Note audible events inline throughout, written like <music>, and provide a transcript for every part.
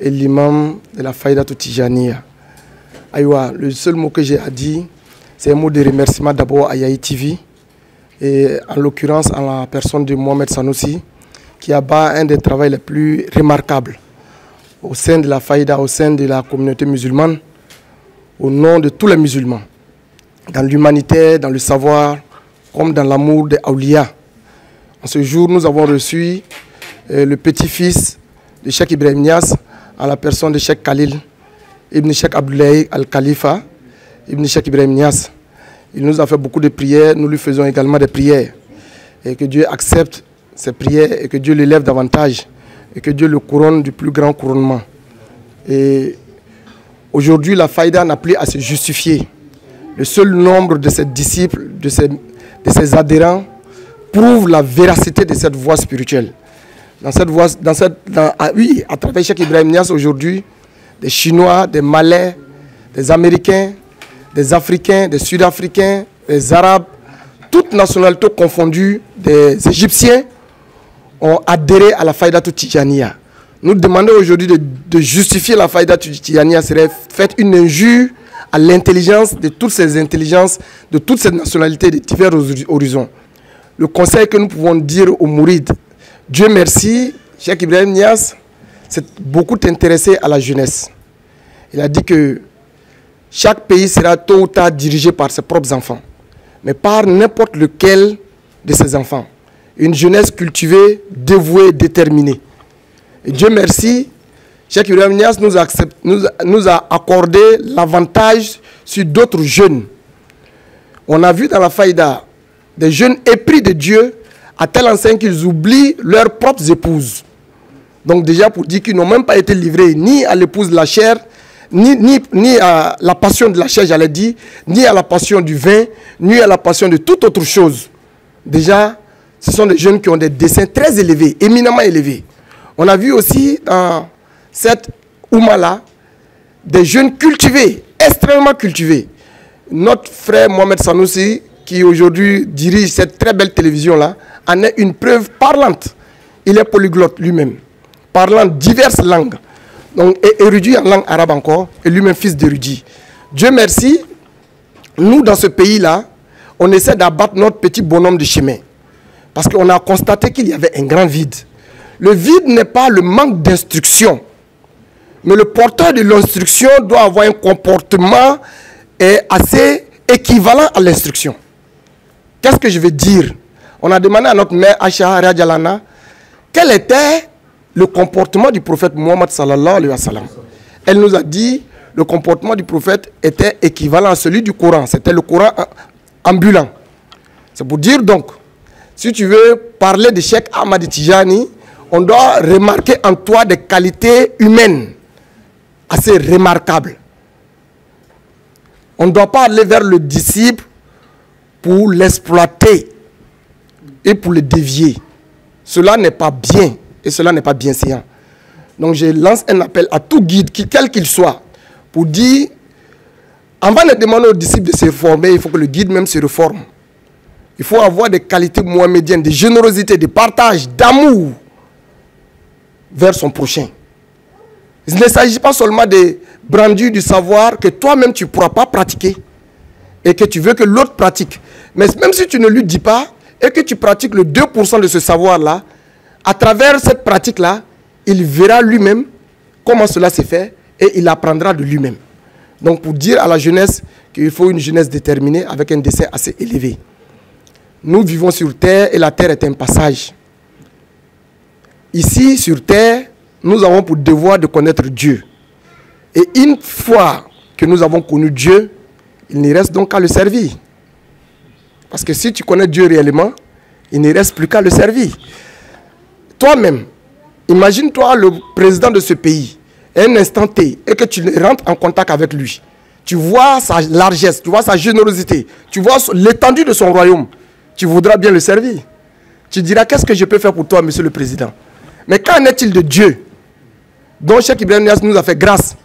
et l'imam de la Faïda Toutijania. Aïwa, le seul mot que j'ai à dire, c'est un mot de remerciement d'abord à Yaï TV, et en l'occurrence à la personne de Mohamed Sanoussi, qui a bas un des travaux les plus remarquables au sein de la Faïda, au sein de la communauté musulmane, au nom de tous les musulmans, dans l'humanité, dans le savoir, comme dans l'amour des Aulia. En ce jour, nous avons reçu euh, le petit-fils de Cheikh Ibrahim Nias, à la personne de Cheikh Khalil, Ibn Cheikh Abdoulaye Al-Khalifa, Ibn Cheikh Ibrahim Nias. Il nous a fait beaucoup de prières, nous lui faisons également des prières. Et que Dieu accepte ses prières et que Dieu l'élève davantage et que Dieu le couronne du plus grand couronnement. Et aujourd'hui, la Faïda n'a plus à se justifier. Le seul nombre de ses disciples, de de ses adhérents, prouve la véracité de cette voie spirituelle dans cette voie, dans cette, ah oui, à travers chaque Ibrahim Nias aujourd'hui, des Chinois, des Malais, des Américains, des Africains, des Sud-Africains, des Arabes, toutes nationalités confondues, des Égyptiens ont adhéré à la Faïda Tijaniya. Nous demandons aujourd'hui de, justifier la Faïda Tijaniya serait fait une injure à l'intelligence de toutes ces intelligences, de toutes ces nationalités de divers horizons. Le conseil que nous pouvons dire aux Mourides Dieu merci, Cheikh Ibrahim Nias s'est beaucoup intéressé à la jeunesse. Il a dit que chaque pays sera tôt ou tard dirigé par ses propres enfants, mais par n'importe lequel de ses enfants. Une jeunesse cultivée, dévouée, déterminée. Et Dieu merci, Cheikh Ibrahim Nias nous, nous a accordé l'avantage sur d'autres jeunes. On a vu dans la faïda des jeunes épris de Dieu à tel enseigne qu'ils oublient leurs propres épouses. Donc déjà pour dire qu'ils n'ont même pas été livrés ni à l'épouse de la chair, ni, ni, à la passion de la chair, j'allais dire, ni à la passion du vin, ni à la passion de toute autre chose. Déjà, ce sont des jeunes qui ont des desseins très élevés, éminemment élevés. On a vu aussi dans cette Ouma-là, des jeunes cultivés, extrêmement cultivés. Notre frère Mohamed Sanoussi, qui aujourd'hui dirige cette très belle télévision-là, en est une preuve parlante. Il est polyglotte lui-même, parlant diverses langues, donc et érudit en langue arabe encore, et lui-même fils d'érudit. Dieu merci, nous dans ce pays-là, on essaie d'abattre notre petit bonhomme de chemin. Parce qu'on a constaté qu'il y avait un grand vide. Le vide n'est pas le manque d'instruction, mais le porteur de l'instruction doit avoir un comportement assez équivalent à l'instruction. Qu'est-ce que je veux dire on a demandé à notre mère Asha Rajalana quel était le comportement du prophète Mohammed Elle nous a dit le comportement du prophète était équivalent à celui du Coran. C'était le Coran euh, ambulant. C'est pour dire donc, si tu veux parler de Cheikh Ahmad Tijani, on doit remarquer en toi des qualités humaines assez remarquables. On ne doit pas aller vers le disciple pour l'exploiter et pour le dévier. Cela n'est pas bien et cela n'est pas bien séant. Donc je lance un appel à tout guide, quel qu'il soit, pour dire, avant de demander aux disciples de se former, il faut que le guide même se reforme. Il faut avoir des qualités mohamédiennes, de générosité, de partage, d'amour vers son prochain. Il ne s'agit pas seulement de brandir du savoir que toi-même tu ne pourras pas pratiquer et que tu veux que l'autre pratique. Mais même si tu ne lui dis pas, et que tu pratiques le 2% de ce savoir-là, à travers cette pratique-là, il verra lui-même comment cela s'est fait et il apprendra de lui-même. Donc pour dire à la jeunesse qu'il faut une jeunesse déterminée avec un décès assez élevé. Nous vivons sur Terre et la Terre est un passage. Ici, sur Terre, nous avons pour devoir de connaître Dieu. Et une fois que nous avons connu Dieu, il ne reste donc qu'à le servir. Parce que si tu connais Dieu réellement, il ne reste plus qu'à le servir. Toi-même, imagine-toi le président de ce pays, un instant T, et que tu rentres en contact avec lui. Tu vois sa largesse, tu vois sa générosité, tu vois l'étendue de son royaume. Tu voudras bien le servir. Tu diras, qu'est-ce que je peux faire pour toi, monsieur le président Mais qu'en est-il de Dieu dont Cheikh Ibrahim nous a fait grâce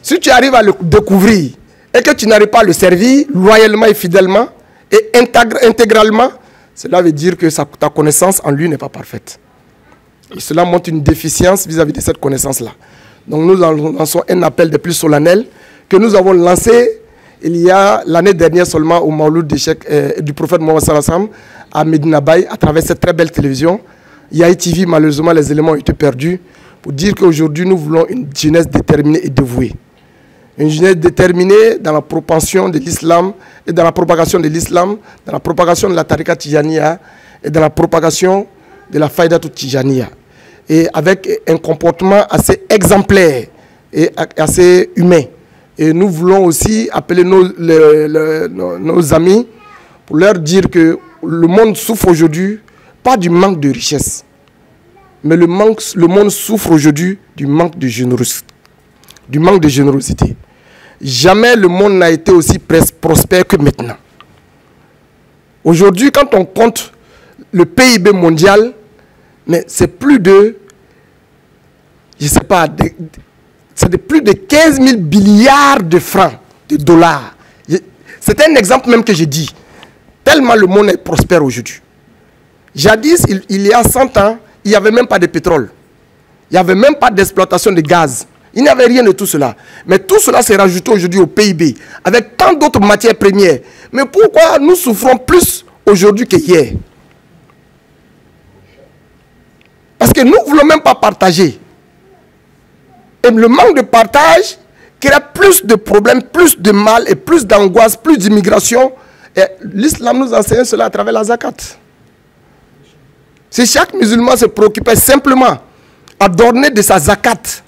Si tu arrives à le découvrir et que tu n'arrives pas à le servir loyalement et fidèlement, et intégralement, cela veut dire que ta connaissance en lui n'est pas parfaite. Et cela montre une déficience vis-à-vis de cette connaissance-là. Donc nous lançons un appel de plus solennel que nous avons lancé il y a l'année dernière seulement au Mauloud euh, du prophète Mohamed Salassam à Medina Bay à travers cette très belle télévision. Yahi TV, malheureusement, les éléments ont été perdus pour dire qu'aujourd'hui, nous voulons une jeunesse déterminée et dévouée. Une jeunesse déterminée dans la propension de l'islam et dans la propagation de l'islam, dans la propagation de la tariqa tijaniya et dans la propagation de la faïda tijaniya. Et avec un comportement assez exemplaire et assez humain. Et nous voulons aussi appeler nos, amis pour leur dire que le monde souffre aujourd'hui, pas du manque de richesse, mais le, manque, le monde souffre aujourd'hui du manque de générosité. Du manque de générosité. Jamais le monde n'a été aussi prospère que maintenant. Aujourd'hui, quand on compte le PIB mondial, mais c'est plus de, je sais pas, c'est de plus de 15 000 milliards de francs, de dollars. C'est un exemple même que je dis. Tellement le monde est prospère aujourd'hui. Jadis, il, y a 100 ans, il n'y avait même pas de pétrole. Il n'y avait même pas d'exploitation de gaz. Il n'y avait rien de tout cela. Mais tout cela s'est rajouté aujourd'hui au PIB, avec tant d'autres matières premières. Mais pourquoi nous souffrons plus aujourd'hui que hier Parce que nous ne voulons même pas partager. Et le manque de partage crée plus de problèmes, plus de mal et plus d'angoisse, plus d'immigration. Et l'islam nous enseigne cela à travers la zakat. Si chaque musulman se préoccupait simplement à donner de sa zakat,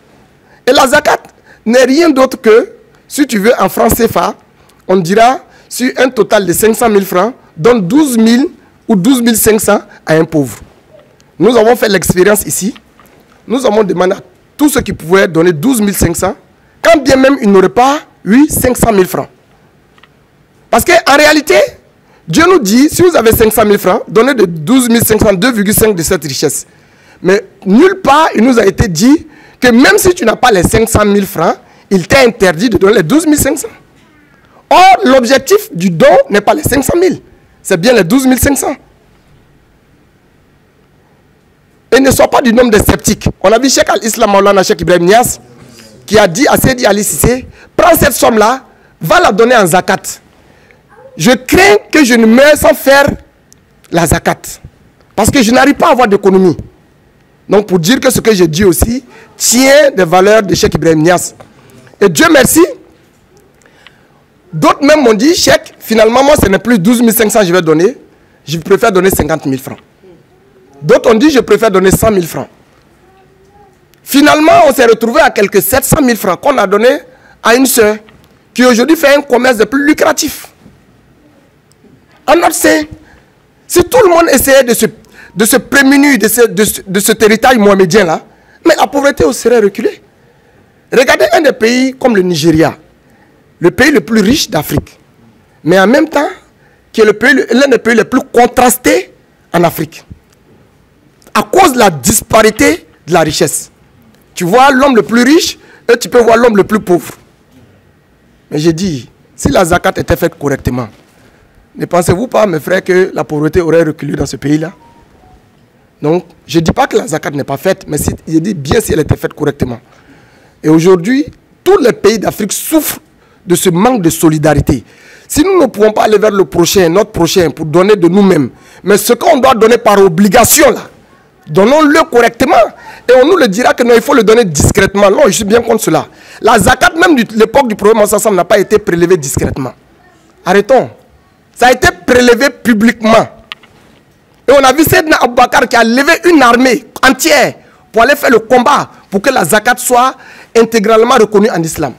et la zakat n'est rien d'autre que, si tu veux, en français CFA, on dira sur un total de 500 000 francs, donne 12 000 ou 12 500 à un pauvre. Nous avons fait l'expérience ici. Nous avons demandé à tous ceux qui pouvaient donner 12 500, quand bien même ils n'auraient pas eu 500 000 francs. Parce qu'en réalité, Dieu nous dit, si vous avez 500 000 francs, donnez de 12 500, 2,5 de cette richesse. Mais nulle part, il nous a été dit que même si tu n'as pas les 500 000 francs, il t'est interdit de donner les 12 500. Or, l'objectif du don n'est pas les 500 000, c'est bien les 12 500. Et ne sois pas du nombre de sceptiques. On a vu Cheikh Al-Islam Maulana Cheikh Ibrahim Nias qui a dit à Sidi Ali Sissé Prends cette somme-là, va la donner en zakat. Je crains que je ne meure sans faire la zakat. Parce que je n'arrive pas à avoir d'économie. Donc pour dire que ce que j'ai dis aussi tient des valeurs de Cheikh Ibrahim Nias. Et Dieu merci, d'autres même m'ont dit, chèque, finalement moi ce n'est plus 12 500 que je vais donner, je préfère donner 50 000 francs. D'autres ont dit, je préfère donner 100 000 francs. Finalement, on s'est retrouvé à quelques 700 000 francs qu'on a donné à une sœur qui aujourd'hui fait un commerce de plus lucratif. En c'est si tout le monde essayait de se de se prémunir de, ce, territoire de là mais la pauvreté serait reculée. Regardez un des pays comme le Nigeria, le pays le plus riche d'Afrique, mais en même temps, qui est l'un des pays les plus contrastés en Afrique. À cause de la disparité de la richesse. Tu vois l'homme le plus riche et tu peux voir l'homme le plus pauvre. Mais j'ai dit, si la zakat était faite correctement, ne pensez-vous pas, mes frères, que la pauvreté aurait reculé dans ce pays-là donc, je ne dis pas que la zakat n'est pas faite, mais je dis bien si elle était faite correctement. Et aujourd'hui, tous les pays d'Afrique souffrent de ce manque de solidarité. Si nous ne pouvons pas aller vers le prochain, notre prochain, pour donner de nous-mêmes, mais ce qu'on doit donner par obligation, là, donnons-le correctement. Et on nous le dira que non, il faut le donner discrètement. Non, je suis bien contre cela. La zakat, même de l'époque du prophète ensemble n'a pas été prélevée discrètement. Arrêtons. Ça a été prélevé publiquement. Et on a vu Sedna Aboubakar qui a levé une armée entière pour aller faire le combat pour que la zakat soit intégralement reconnue en islam.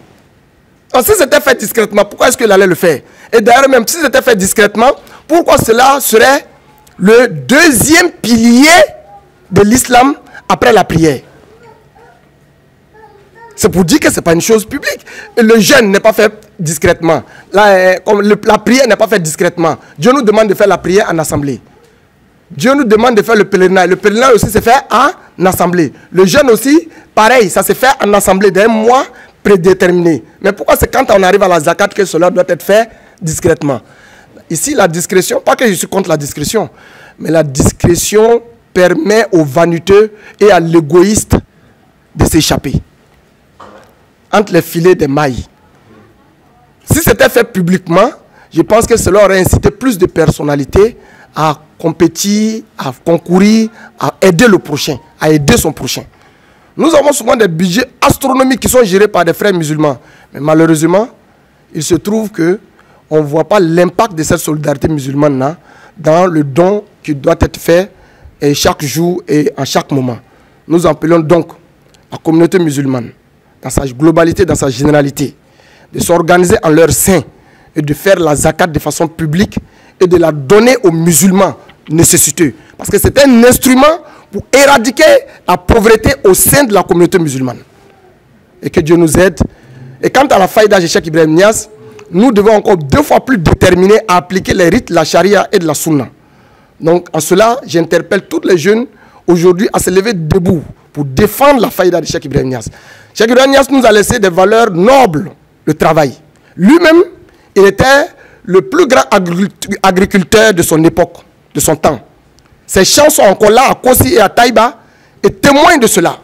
si c'était fait discrètement, pourquoi est-ce qu'il allait le faire Et d'ailleurs, même si c'était fait discrètement, pourquoi cela serait le deuxième pilier de l'islam après la prière c'est pour dire que ce n'est pas une chose publique. Le jeûne n'est pas fait discrètement. Euh, la prière n'est pas faite discrètement. Dieu nous demande de faire la prière en assemblée. Dieu nous demande de faire le pèlerinage. Le pèlerinage aussi se fait en assemblée. Le jeûne aussi, pareil, ça se fait en assemblée d'un mois prédéterminé. Mais pourquoi c'est quand on arrive à la zakat que cela doit être fait discrètement Ici, la discrétion, pas que je suis contre la discrétion, mais la discrétion permet aux vaniteux et à l'égoïste de s'échapper entre les filets des mailles. Si c'était fait publiquement, je pense que cela aurait incité plus de personnalités à compétir, à concourir, à aider le prochain, à aider son prochain. Nous avons souvent des budgets astronomiques qui sont gérés par des frères musulmans. Mais malheureusement, il se trouve que on ne voit pas l'impact de cette solidarité musulmane-là dans le don qui doit être fait chaque jour et en chaque moment. Nous appelons donc la communauté musulmane, dans sa globalité, dans sa généralité, de s'organiser en leur sein et de faire la zakat de façon publique et de la donner aux musulmans nécessiteux. Parce que c'est un instrument pour éradiquer la pauvreté au sein de la communauté musulmane. Et que Dieu nous aide. Et quant à la faïda de Ibrahim Nias, nous devons encore deux fois plus déterminer à appliquer les rites de la charia et de la sunna. Donc à cela, j'interpelle tous les jeunes aujourd'hui à se lever debout pour défendre la faïda de Cheikh Ibrahim Nias. Cheikh Ibrahim Nias nous a laissé des valeurs nobles, le travail. Lui-même, il était le plus grand agriculteur de son époque, de son temps. Ses champs sont encore là à Kossi et à Taïba et témoignent de cela.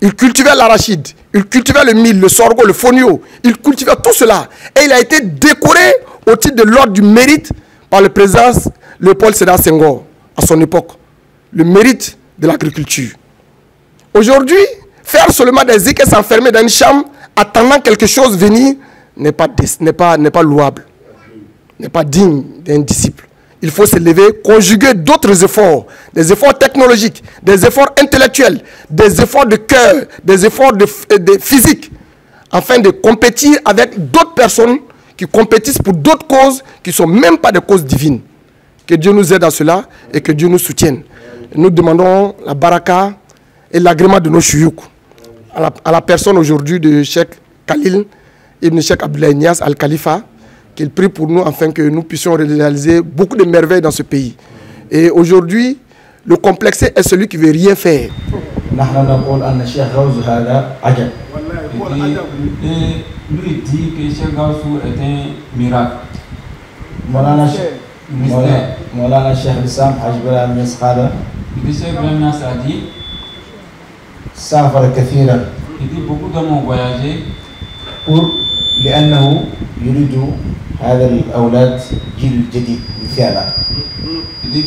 Il cultivait l'arachide, il cultivait le mil, le sorgho, le fonio, il cultivait tout cela. Et il a été décoré au titre de l'ordre du mérite par le président Léopold Sédar Senghor à son époque. Le mérite de l'agriculture. Aujourd'hui, faire seulement des zik et s'enfermer dans une chambre attendant quelque chose venir n'est pas, pas, pas louable n'est pas digne d'un disciple. Il faut se lever, conjuguer d'autres efforts, des efforts technologiques, des efforts intellectuels, des efforts de cœur, des efforts de, physique, afin de compétir avec d'autres personnes qui compétissent pour d'autres causes qui ne sont même pas des causes divines. Que Dieu nous aide à cela et que Dieu nous soutienne. Nous demandons la baraka et l'agrément de nos chouyouks. À, la, personne aujourd'hui de Cheikh Khalil, Ibn Cheikh Abdullah Al-Khalifa, qu'il prie pour nous afin que nous puissions réaliser beaucoup de merveilles dans ce pays. Et aujourd'hui, le complexe est celui qui ne veut rien faire. lui dit que Cheikh Gaussou est un miracle. Moulana Cheikh Bissam Hajbala Miaskhada. Le Cheikh dit Safar Kathira. Il dit beaucoup d'hommes ont voyagé pour. les les يريد هذا الأولاد جيل جديد مثالا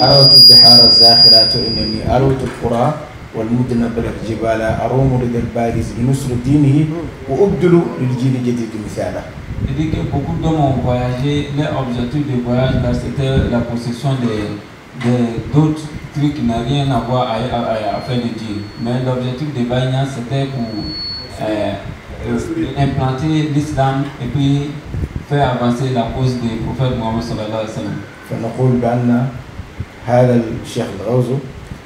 أروت البحار الزاخرة إنني أروت القرى والمدن بلغ جبالا أروم رد البارز بنصر دينه وأبدل للجيل الجديد مثالا Il dit que beaucoup d'hommes ont voyagé, leur objectif de voyage c'était la possession d'autres trucs qui n'ont rien à voir à, à, à, à faire de Dieu. Mais l'objectif de Bagna c'était pour euh, implanter l'islam et puis faire avancer la cause du prophète Mohammed صلى الله عليه وسلم. فنقول بأن هذا الشيخ الغوزو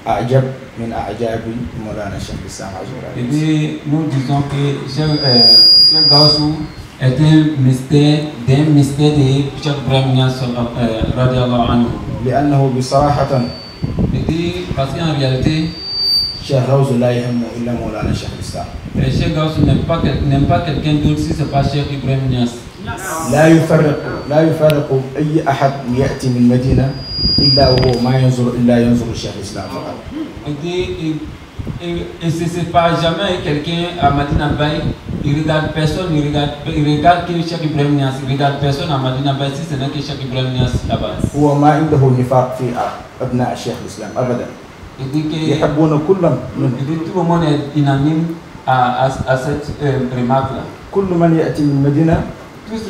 أعجب من أعجاب مولانا الشيخ الإسلام عزوز. Et puis nous disons que Cheikh euh, Cheikh Gauzou est un mystère d'un mystère de Cheikh Brahmia رضي الله عنه. لأنه بصراحة. Et puis parce qu'en réalité Cheikh Gauzou لا يهمه إلا مولانا الشيخ الإسلام. Et Cheikh Gauss n'aime pas, pas quelqu'un d'autre si ce n'est pas Cheikh Ibrahim Nias. لا يفرق لا يفرق اي احد ياتي من المدينه الا وهو ما ينظر الا ينظر الشيخ الاسلام فقط. Et ce n'est pas jamais quelqu'un à Madina Bay, il regarde personne, il regarde, il regarde que Cheikh Ibrahim Nias, il regarde personne à Madina Bay si ce n'est que Cheikh Ibrahim Nias là-bas. هو ما عنده نفاق في ابناء الشيخ الاسلام ابدا. يحبون كل من. Tout le monde est unanime à, à, à cette remarque-là. كل من يأتي من المدينة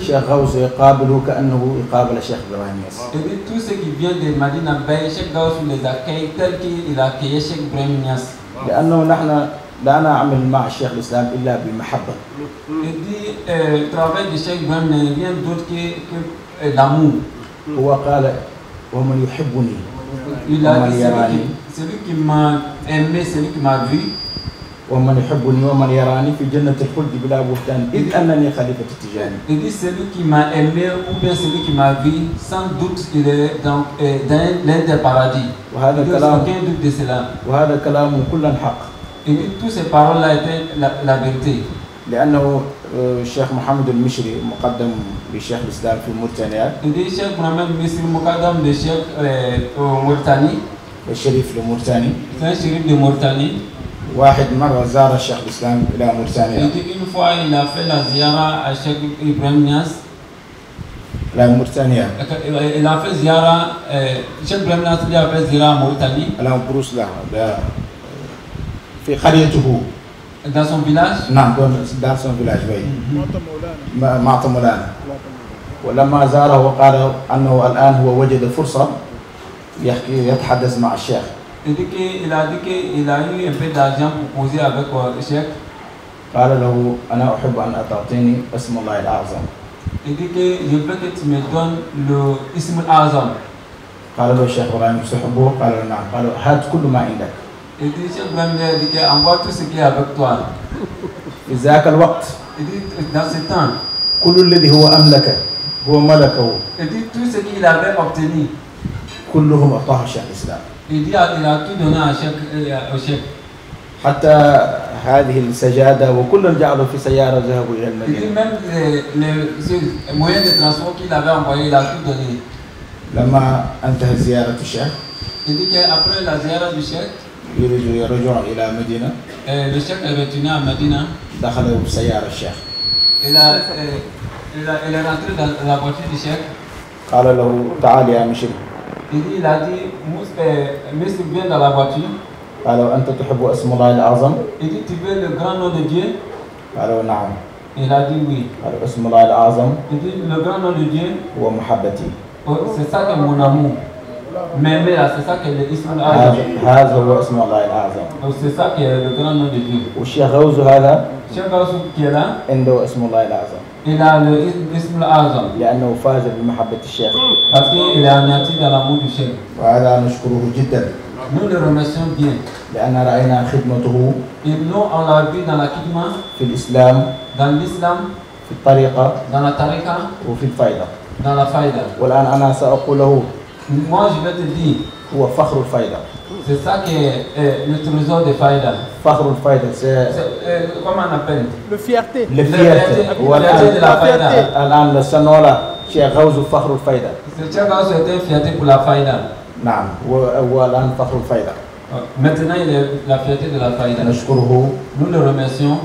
Cheikh Gauss يقابله كأنه يقابل Cheikh Ibrahim Niass. Et puis tout ce qui vient de Madina Bay, Cheikh Gauss les accueille tel qu'il a accueilli Cheikh Ibrahim Niass. لأنه نحن لا نعمل مع الشيخ الإسلام إلا بمحبة. Il dit le travail de Cheikh Ibrahim ne vient d'autre que, que l'amour. هو قال ومن يحبني ومن يراني. Celui qui m'a aimé, celui qui m'a vu. ومن يحبني ومن يراني في جنة الخلد بلا بهتان إذ أنني خليفة تجاني. Il dit celui qui m'a aimé ou bien celui qui m'a vu, sans doute il est dans, euh, dans l'un des paradis. وهذا كلام aucun doute de cela. وهذا كلام كلا حق. Il dit toutes ces paroles là étaient la, vérité. لأنه آه، الشيخ محمد المشري مقدم لشيخ الإسلام في موريتانيا. Il dit الشيخ محمد المشري مقدم للشيخ آه، موريتاني. الشريف لموريتاني. الشريف un واحد مره زار الشيخ الاسلام الى موريتانيا. تقول فؤاد الى فعل زياره الشيخ ابراهيم نياس الى موريتانيا. الى في زياره الشيخ ابراهيم نياس الى في زياره موريتاني؟ الى بروس لا في قريته. دا سون فيلاج؟ نعم دا سون فيلاج وي. معطى مولانا. معطى مولانا. ولما زاره وقال انه الان هو وجد فرصه يحكي يتحدث مع الشيخ. Il a dit qu'il a eu un peu d'argent pour causer avec Cheikh. قال له أنا أحب أن أتعطيني اسم الله الأعظم. Il dit que je veux que tu me donnes le ism al-Azam. قال له الشيخ إبراهيم سحبه قال له نعم قال له هات كل ما عندك. Il dit Cheikh Ibrahim dit que envoie tout ce qui est avec toi. في ذاك الوقت. Il dit dans ce temps. كل الذي هو أملكه هو ملكه. Il dit tout ce qu'il avait obtenu. كلهم أعطاه شيخ الإسلام. حتى هذه السجادة وكل جعلوا في سيارة ذهبوا إلى المدينة لما انتهت زيارة الشيخ يريد يرجع إلى المدينة إيه، إيه، دخلوا بسيارة الشيخ إلى إلى إلى قال له تعال يا مشير Et il a dit, Mousse vient dans la voiture. Alors, أنت تحب اسم الله الأعظم؟ Il dit, tu veux le grand nom de Dieu? Alors, نعم. Il a dit oui. Alors, اسم الله الأعظم. Il dit, le grand nom de Dieu. هو محبتي. C'est ça que mon amour. M'aimer là, c'est ça que l'ism الأعظم. هذا هو اسم الله الأعظم. Donc c'est ça que le grand nom de Dieu. وشيخ غوزو هذا؟ شيخ غوزو qui est là? عنده اسم الله الأعظم. إلى الاسم الأعظم لأنه فاز بمحبة الشيخ باسكو إلى أن يأتي لامون الشيخ وهذا نشكره جدا Nous le remercions لأن رأينا خدمته. Et nous on l'a vu في الإسلام. Dans l'islam. في الطريقة. Dans la وفي الفائدة. Dans la والآن أنا سأقول له. Moi je هو فخر الفائدة. C'est ça que euh, le trésor de Faïda. Fakhru Faïda, c'est. Euh, comment on appelle Le fierté. Le fierté. fierté de la Faïda. Alain, le Sanola, Cheikh Gaouzou Fakhrul Faïda. Cheikh Gaouzou était fierté pour la Faïda. Non, ou Alain Fakhrul Faïda. Maintenant, il est la fierté de la Faïda. Nous le remercions.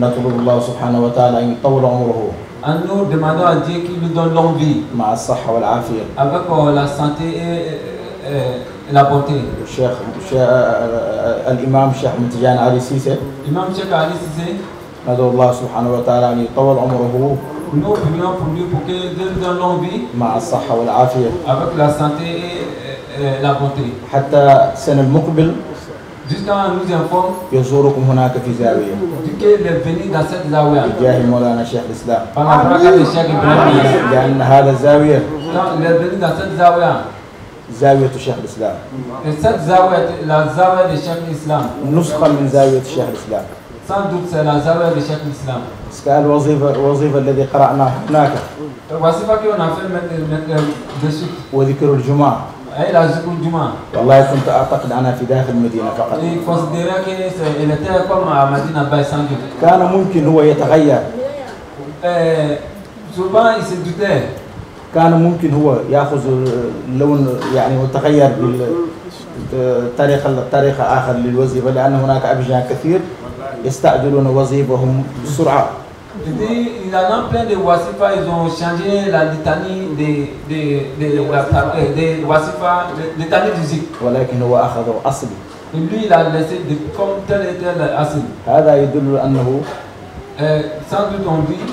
نطلب الله wa ta'ala, أن يطول عمره en nous demandant à Dieu qu'il nous donne longue vie avec euh, la santé et, et, euh, et euh, الشيخ الامام الشيخ متجان علي سيسي الامام الشيخ علي سيسي ندعو الله سبحانه وتعالى ان يطول عمره مع الصحه والعافيه حتى السنه المقبل يزوركم هناك في زاويه بجاه مولانا شيخ الاسلام لان هذا الزاويه زاوية الشيخ الإسلام زاوية لا زاوية لشيخ الإسلام نسخة من زاوية الشيخ الإسلام صندوق doute زاوية la الإسلام de الوظيفة الوظيفة الذي قرأنا هناك. الوظيفة qu'on a من de suite. وذكر الجمعة. أي لا ذكر الجمعة. والله كنت أعتقد أنا في داخل المدينة فقط. إيه، إيه، إيه، إلى تأكل مع مدينة باي كان ممكن هو يتغير. souvent il se كان ممكن هو ياخذ لون يعني وتغير طريقه طريقه اخر للوظيفه لان هناك ابجان كثير يستعجلون وظيفهم بسرعه. Il y en a plein de Wasifa, ils ont changé la litanie des de, de, de Wasifa, litanie du Zik. ولكن هو أخذ أصلي. Lui, il a laissé de, comme tel et tel أصلي. هذا يدل أنه. Sans doute on dit.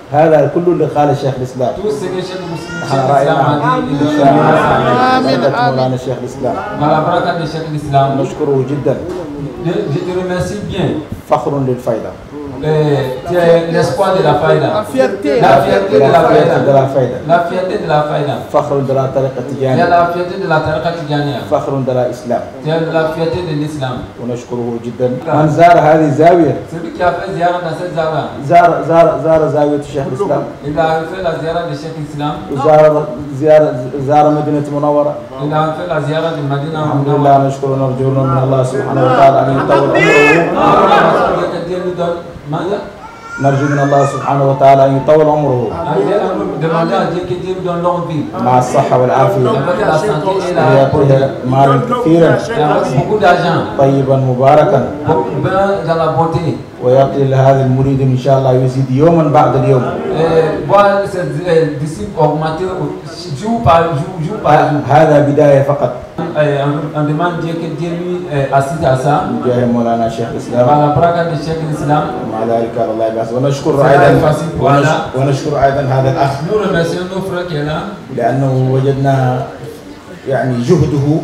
هذا كل اللي قال الشيخ الاسلام الشيخ الاسلام الشيخ الاسلام نشكره جدا فخر للفائده l'espoir de la faïda. La fierté. La fierté de la faïda. De la faïda. La fierté de la faïda. Fakhrun de la tariqa tijani. Tiens La fierté de la tariqa tijani. Fakhrun de la islam. Tu la fierté de l'islam. On a ونشكره جدا. من زار هذه الزاوية. Celui qui a fait زيارة dans cette زاوية. زار زار زار du Cheikh الإسلام. Il a fait la زيارة du Cheikh Islam. وزار زيارة زار مدينة Munawara. Il a fait la زيارة de Medina Munawwara. الحمد لله نشكر ونرجو من الله سبحانه وتعالى أن يطول عمره. آمين. آمين. نرجو من الله سبحانه وتعالى أن يطول عمره مع الصحة والعافية ويأكل مالا كثيرا طيبا مباركا ويعطي لهذا المريد ان شاء الله يزيد يوما بعد اليوم. هذا بدايه فقط. on eh, eh, مولانا شيخ الاسلام. على الاسلام. مع ذلك الله يبارك ونشكر ايضا ونشكر ايضا هذا الاخ. لانه وجدنا يعني جهده.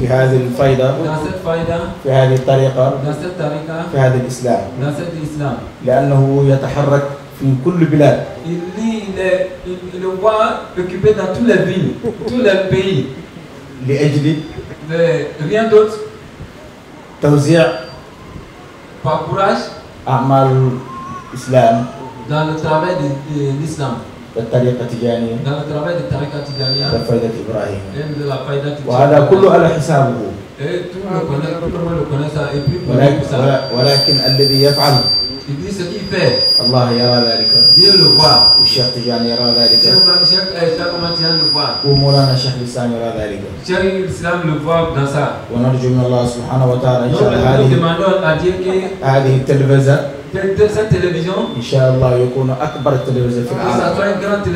في هذه الفائدة في هذه الطريقة في هذا الإسلام لأنه يتحرك في كل بلاد لأجل توزيع أعمال الإسلام dans le travail de, de l'islam. للطريقة التجانية بالفائدة إبراهيم إيه، وهذا كله على حسابه إيه، ولكن, الذي يفعل الله يرى ذلك والشيخ تجاني يرى ذلك إيه، ومولانا الشيخ الإسلام يرى ذلك ونرجو من الله سبحانه وتعالى إن شاء الله هذه هذه التلفزة ان شاء الله يكون اكبر تلفزيون في العالم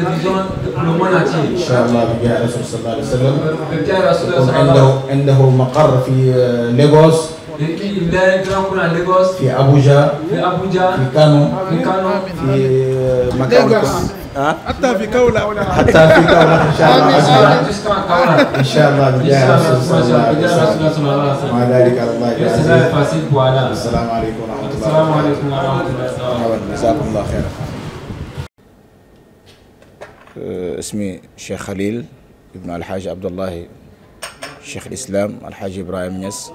ان شاء الله بجاه الرسول صلى الله عليه وسلم صلى الله عليه وسلم عنده مقر في ليغوس في ابوجا في ابوجا في كانو في كانو في مكان حتى في كولة حتى في كولة إن شاء الله إن شاء الله صلى الله عليه وسلم وعلى ذلك الله يجزاك السلام عليكم الله السلام عليكم ورحمه الله وبركاته جزاكم الله خير أه، اسمي شيخ خليل ابن الحاج عبد الله شيخ الاسلام الحاج ابراهيم نس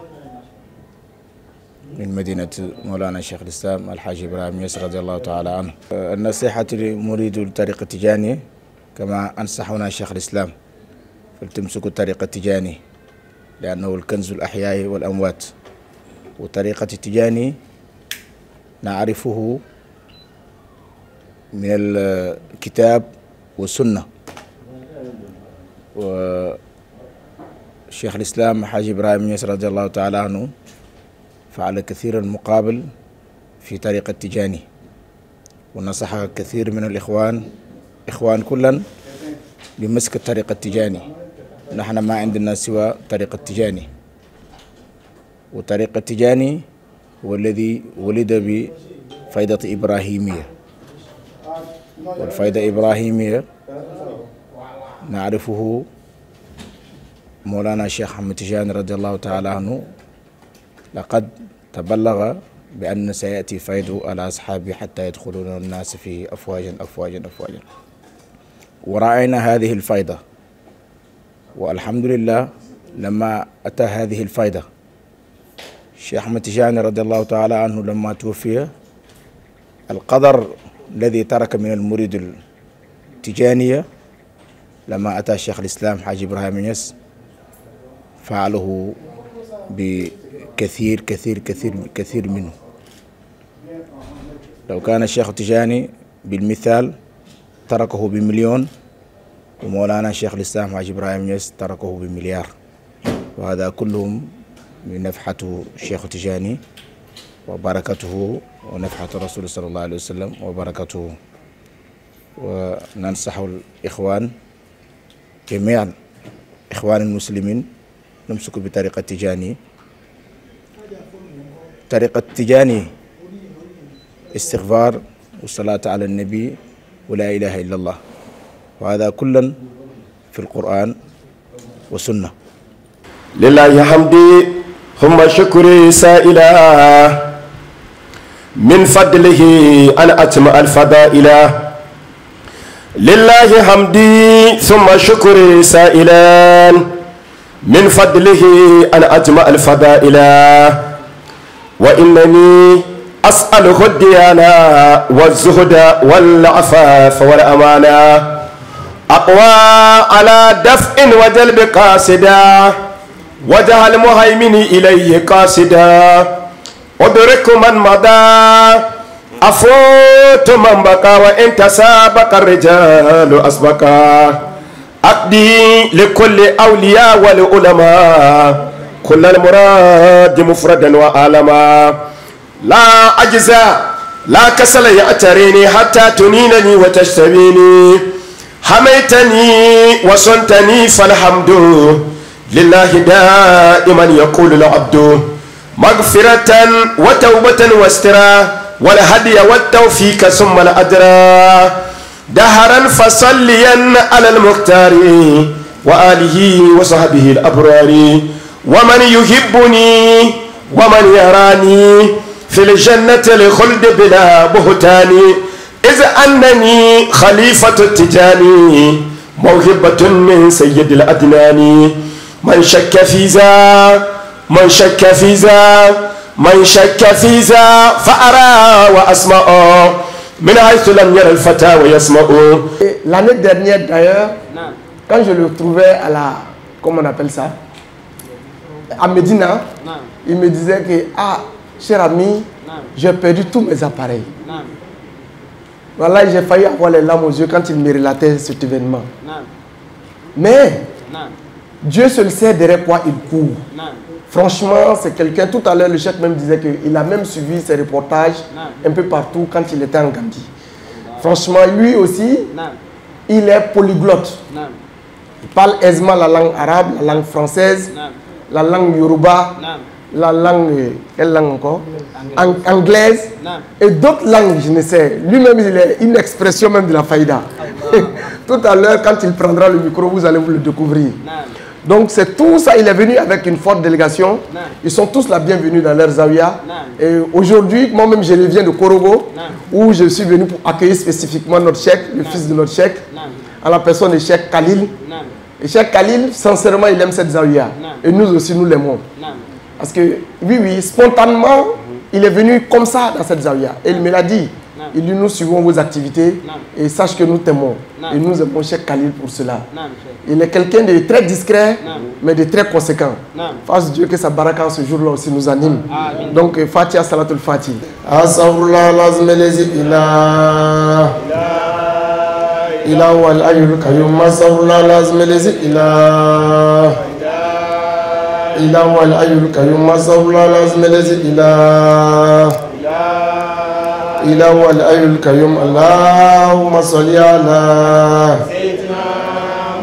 من مدينة مولانا شيخ الإسلام الحاج إبراهيم يس رضي الله تعالى عنه أه، النصيحة لمريد الطريق التجاني كما أنصحنا شيخ الإسلام فلتمسكوا الطريق التجاني لأنه الكنز الأحياء والأموات وطريقة التجاني نعرفه من الكتاب والسنة وشيخ الإسلام حاج إبراهيم يسر رضي الله تعالى عنه فعل كثير المقابل في طريق التجاني ونصح كثير من الإخوان إخوان كلا بمسك الطريق التجاني نحن ما عندنا سوى طريق التجاني وطريق التجاني والذي ولد بفيضة إبراهيمية والفيضة إبراهيمية نعرفه مولانا الشيخ حمد تجان رضي الله تعالى عنه لقد تبلغ بأن سيأتي فيض على أصحابه حتى يدخلون الناس فيه أفواجا أفواجا أفواجا ورأينا هذه الفيضة والحمد لله لما أتى هذه الفيضة الشيخ أحمد تجاني رضي الله تعالى عنه لما توفي القدر الذي ترك من المريد التجانية لما أتى شيخ الإسلام حاج إبراهيم يس فعله بكثير كثير كثير كثير منه لو كان الشيخ تجاني بالمثال تركه بمليون ومولانا شيخ الإسلام حاج إبراهيم يس تركه بمليار وهذا كلهم نفحة الشيخ تجاني وبركته ونفحة الرسول صلى الله عليه وسلم وبركته وننصح الإخوان جميع إخوان المسلمين نمسك بطريقة تجاني طريقة تجاني استغفار والصلاة على النبي ولا إله إلا الله وهذا كلا في القرآن وسنة لله حمدي هم شكري سائلا من فضله أن أتم الفضائل لله حمدي ثم شكري سائلا من فضله أن أتم الفضائل وإنني أسأله الديانة والزهد والعفاف والأمانة أقوى على دفء وجلب قاسداً وجه المهيمن إليه قاصدا أدرك من مضى أفوت من بقى وإن تسابق الرجال أسبقا أقدي لكل أولياء والعلماء كل المراد مفردا وعالما لا أجزاء لا كسل يأتريني حتى تنينني وتشتبيني حميتني وصنتني فالحمد لله دائما يقول العبد مغفرة وتوبة واسترا والهدي والتوفيق ثم الأدرى دهرا فصليا على المختار وآله وصحبه الأبرار ومن يحبني ومن يراني في الجنة الخلد بلا بهتان إذ أنني خليفة التجاني موهبة من سيد الأدنان L'année dernière d'ailleurs, quand je le trouvais à la, comment on appelle ça, à Medina, il me disait que, ah, cher ami, j'ai perdu tous mes appareils. Voilà, j'ai failli avoir les larmes aux yeux quand il me relatait cet événement. Mais, Dieu se le sait derrière quoi il court. Franchement, c'est quelqu'un, tout à l'heure, le chef même disait qu'il a même suivi ses reportages un peu partout quand il était en Gambie. Franchement, lui aussi, il est polyglotte. Il parle aisément la langue arabe, la langue française, la langue yoruba, la langue, quelle langue encore Anglaise. Et d'autres langues, je ne sais. Lui-même, il est une expression même de la faïda. <laughs> tout à l'heure, quand il prendra le micro, vous allez vous le découvrir. Donc c'est tout ça, il est venu avec une forte délégation. Ils sont tous la bienvenue dans leur zawiya. Et aujourd'hui, moi-même je viens de Korogo, où je suis venu pour accueillir spécifiquement notre chèque, le fils de notre chèque, à la personne de chèque Khalil. Et chèque Khalil, sincèrement, il aime cette zawiya. Et nous aussi, nous l'aimons. Parce que, oui, oui, spontanément, mhm. il est venu comme ça dans cette zawiya. Et il me l'a dit. Il dit, nous suivons vos activités et sache que nous t'aimons. Et nous aimons Cheikh Khalil pour cela. Il est quelqu'un de très discret, mais de très conséquent. Fasse Dieu que sa baraka en ce jour-là aussi nous anime. Donc, euh, Fatiha Salatul Fatih. إله والأي القيوم ما صبرنا لازم لزي إله إله والأي القيوم ما صبرنا لازم لزي إله إله والأي الكريم اللهم صل على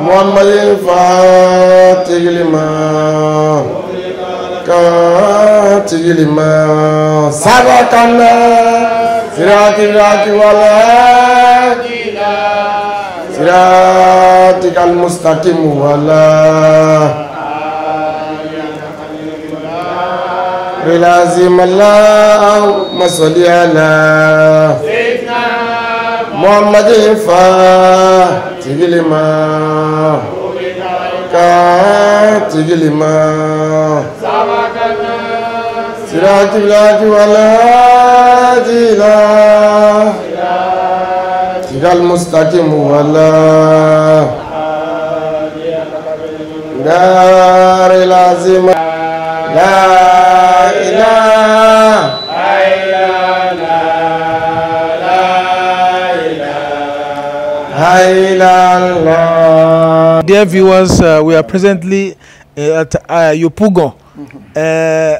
محمد فاتح لما كاتح لما سبقنا سراتي راتي ولا صراطك المستقيم ولا بلازم الله اللهم صل على سيدنا محمد فاتح لما كاتب لما سراج بلاد ولا جيلا سراج المستقيم ولا دار لازم Dear viewers, uh, we are presently uh, at uh, Yopugo, uh,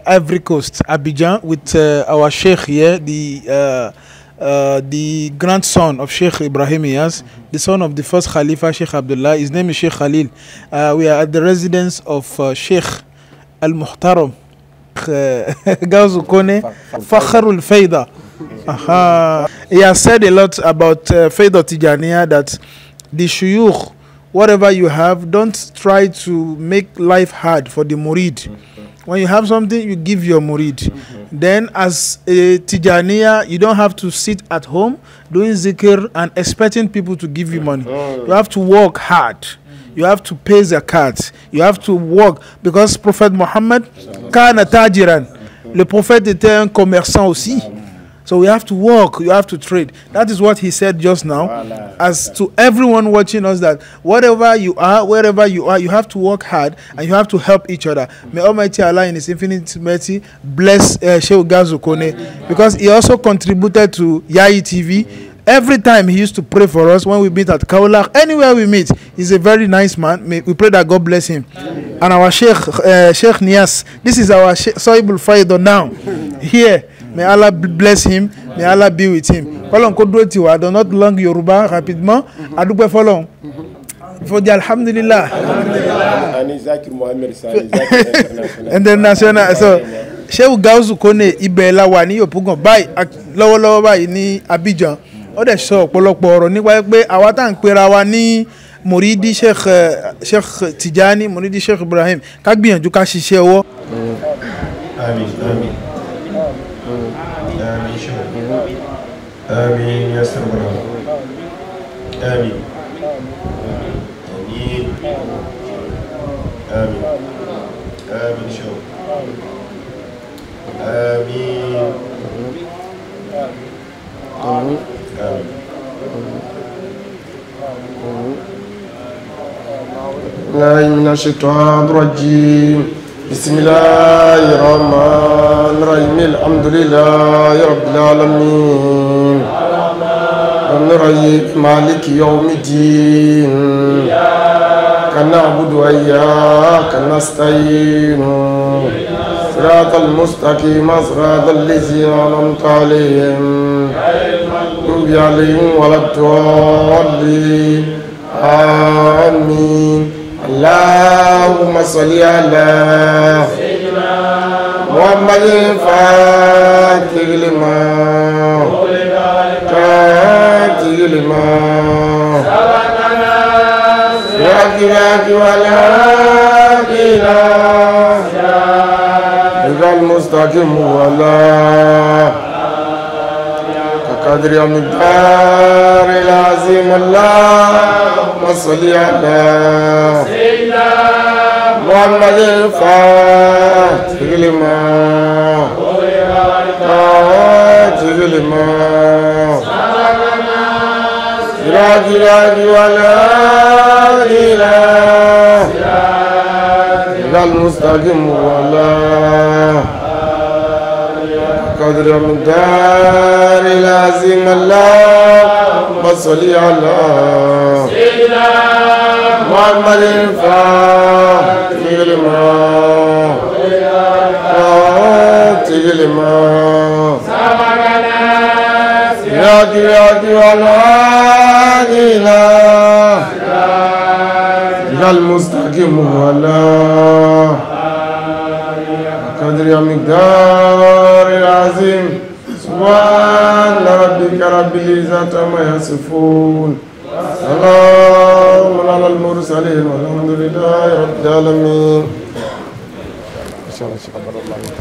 Ivory Coast, Abidjan, with uh, our sheikh here, the uh, Uh, the grandson of Sheikh Ibrahim Iyas, mm -hmm. the son of the first Khalifa, Sheikh Abdullah. His name is Sheikh Khalil. Uh, we are at the residence of uh, Sheikh المحترم Gauzu Kone, Fakharul Faida. He has said a lot about uh, Faida Tijaniya that the shuyukh, whatever you have, don't try to make life hard for the murid. When you have something, you give your murid. Then, as a Tijaniya, you don't have to sit at home doing zikr and expecting people to give you money. You have to work hard you have to pay zakat, you have to work. Because Prophet Muhammad, kana tajiran. Le prophète était un commerçant aussi. So we have to work, you have to trade. That is what he said just now. As to everyone watching us, that whatever you are, wherever you are, you have to work hard and you have to help each other. May Almighty Allah in His infinite mercy bless uh, Sheikh Gazukone because he also contributed to Yai TV every time he used to pray for us when we meet at Kaulak, anywhere we meet. He's a very nice man. we pray that God bless him. Amen. And our Sheikh, uh, Sheikh Nias, this is our Sheikh Soibul Faido now. Here, may Allah bless him. May Allah be with him. Ọlọ́run kó dúró do not long Yoruba rapidement. A dúpẹ́ fọlọ́run. For the alhamdulillah. And then national. <laughs> So, Sheikh Gausu Kone Ibẹ̀ la wà Bye. Yòpúgàn báyìí lọ́wọ́lọ́wọ́ báyìí ní Abidjan ó dẹ̀ sọ ọ̀pọ̀lọpọ̀ ọ̀rọ̀ nípa pé àwa tá à ń pera wa ní muridi sheikh sheikh tijani muridi sheikh ibrahim ká gbìyànjú ká ṣiṣẹ́ ọwọ́. àmín àmín àmín sheikh àmín yasir ibrahim àmín àmín àmín àmín sheikh àmín. Amém. من الشيطان الرجيم بسم الله الرحمن الرحيم الحمد لله رب العالمين الرحيم مالك يوم الدين إياك نعبد وإياك نستعين صراط المستقيم صراط الذين أنعمت عليهم غير عليهم ولا الضالين آمين اللهم صل على محمد فاتح لما فاتح لما سبقنا سبقنا ولا إله صراطك المستقيم ولا كقدر ومقدار العظيم اللهم صل على سيدنا محمد الفاتح لما فاتح لما سراج الهادي ولا إله المستقيم والله قدر من العظيم اللهم صل على سيدنا محمد الفاتح لما فاتح لما سبقنا سيادي يادي والهادي لا المستقيم ولا قدر ومقدار العظيم سبحان ربك رب العزة عما يصفون سلام على المرسلين والحمد لله رب العالمين. ان شاء الله